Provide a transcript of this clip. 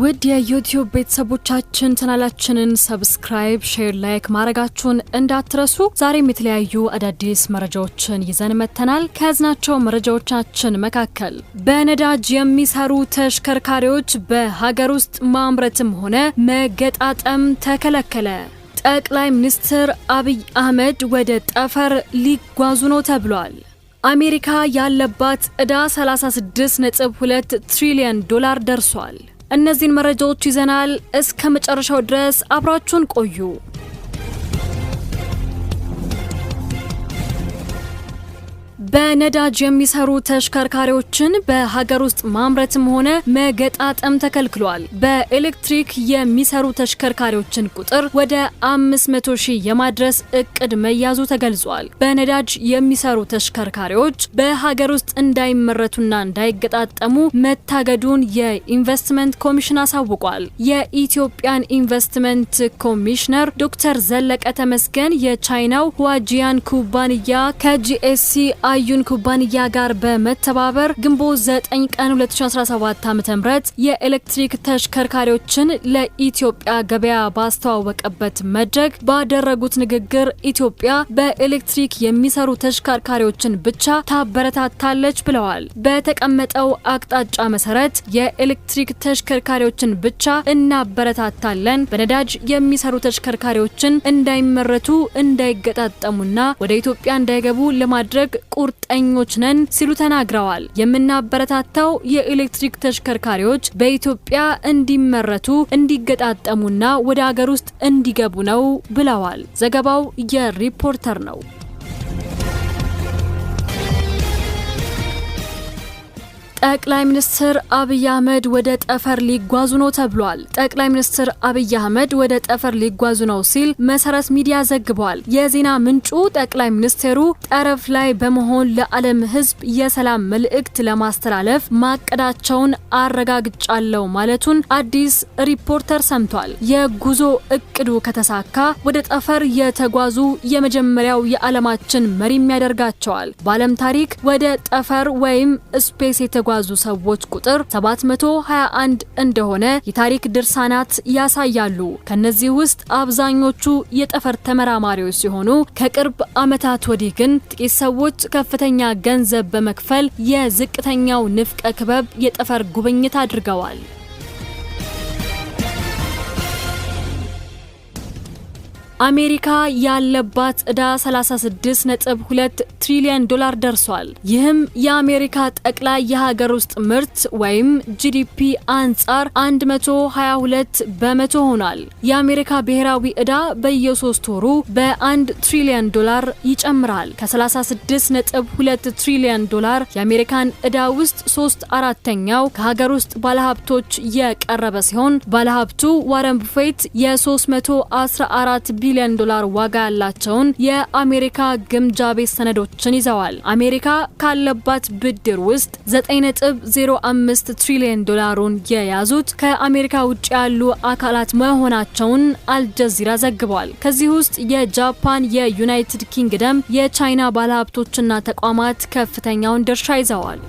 ውድ የዩቲዩብ ቤተሰቦቻችን ቻናላችንን ሰብስክራይብ፣ ሼር፣ ላይክ ማድረጋችሁን እንዳትረሱ። ዛሬም የተለያዩ አዳዲስ መረጃዎችን ይዘን መጥተናል። ከያዝናቸው መረጃዎቻችን መካከል በነዳጅ የሚሰሩ ተሽከርካሪዎች በሀገር ውስጥ ማምረትም ሆነ መገጣጠም ተከለከለ። ጠቅላይ ሚኒስትር አብይ አህመድ ወደ ጠፈር ሊጓዙ ነው ተብሏል። አሜሪካ ያለባት ዕዳ 36.2 ትሪሊዮን ዶላር ደርሷል። እነዚህን መረጃዎች ይዘናል። እስከ መጨረሻው ድረስ አብራችሁን ቆዩ። በነዳጅ የሚሰሩ ተሽከርካሪዎችን በሀገር ውስጥ ማምረትም ሆነ መገጣጠም ተከልክሏል። በኤሌክትሪክ የሚሰሩ ተሽከርካሪዎችን ቁጥር ወደ 500 ሺህ የማድረስ እቅድ መያዙ ተገልጿል። በነዳጅ የሚሰሩ ተሽከርካሪዎች በሀገር ውስጥ እንዳይመረቱና እንዳይገጣጠሙ መታገዱን የኢንቨስትመንት ኮሚሽን አሳውቋል። የኢትዮጵያን ኢንቨስትመንት ኮሚሽነር ዶክተር ዘለቀ ተመስገን የቻይናው ዋጂያን ኩባንያ ከጂኤስሲ ከአዩን ኩባንያ ጋር በመተባበር ግንቦት 9 ቀን 2017 ዓ.ም የኤሌክትሪክ ተሽከርካሪዎችን ለኢትዮጵያ ገበያ ባስተዋወቀበት መድረክ ባደረጉት ንግግር ኢትዮጵያ በኤሌክትሪክ የሚሰሩ ተሽከርካሪዎችን ብቻ ታበረታታለች ብለዋል። በተቀመጠው አቅጣጫ መሰረት የኤሌክትሪክ ተሽከርካሪዎችን ብቻ እናበረታታለን፣ በነዳጅ የሚሰሩ ተሽከርካሪዎችን እንዳይመረቱ፣ እንዳይገጣጠሙና ወደ ኢትዮጵያ እንዳይገቡ ለማድረግ ቁርጠኞች ነን ሲሉ ተናግረዋል። የምናበረታታው የኤሌክትሪክ ተሽከርካሪዎች በኢትዮጵያ እንዲመረቱ እንዲገጣጠሙና ወደ አገር ውስጥ እንዲገቡ ነው ብለዋል። ዘገባው የሪፖርተር ነው። ጠቅላይ ሚኒስትር አብይ አህመድ ወደ ጠፈር ሊጓዙ ነው ተብሏል። ጠቅላይ ሚኒስትር አብይ አህመድ ወደ ጠፈር ሊጓዙ ነው ሲል መሰረት ሚዲያ ዘግቧል። የዜና ምንጩ ጠቅላይ ሚኒስቴሩ ጠረፍ ላይ በመሆን ለዓለም ሕዝብ የሰላም መልእክት ለማስተላለፍ ማቀዳቸውን አረጋግጫለሁ ማለቱን አዲስ ሪፖርተር ሰምቷል። የጉዞ እቅዱ ከተሳካ ወደ ጠፈር የተጓዙ የመጀመሪያው የዓለማችን መሪም ያደርጋቸዋል። በዓለም ታሪክ ወደ ጠፈር ወይም ስፔስ የተጓ የተጓዙ ሰዎች ቁጥር 721 እንደሆነ የታሪክ ድርሳናት ያሳያሉ። ከነዚህ ውስጥ አብዛኞቹ የጠፈር ተመራማሪዎች ሲሆኑ ከቅርብ ዓመታት ወዲህ ግን ጥቂት ሰዎች ከፍተኛ ገንዘብ በመክፈል የዝቅተኛው ንፍቀ ክበብ የጠፈር ጉብኝት አድርገዋል። አሜሪካ ያለባት ዕዳ 36.2 ትሪሊየን ዶላር ደርሷል። ይህም የአሜሪካ ጠቅላይ የሀገር ውስጥ ምርት ወይም ጂዲፒ አንጻር 122 በመቶ ሆኗል። የአሜሪካ ብሔራዊ ዕዳ በየሶስት ወሩ በ1 ትሪሊየን ዶላር ይጨምራል። ከ36.2 ትሪሊየን ዶላር የአሜሪካን ዕዳ ውስጥ ሶስት አራተኛው ከሀገር ውስጥ ባለሀብቶች የቀረበ ሲሆን ባለሀብቱ ዋረን ቡፌት የ314 ቢ ቢሊዮን ዶላር ዋጋ ያላቸውን የአሜሪካ ግምጃ ቤት ሰነዶችን ይዘዋል። አሜሪካ ካለባት ብድር ውስጥ 9.05 ትሪሊዮን ዶላሩን የያዙት ከአሜሪካ ውጭ ያሉ አካላት መሆናቸውን አልጀዚራ ዘግቧል። ከዚህ ውስጥ የጃፓን፣ የዩናይትድ ኪንግደም፣ የቻይና ባለሀብቶችና ተቋማት ከፍተኛውን ድርሻ ይዘዋል።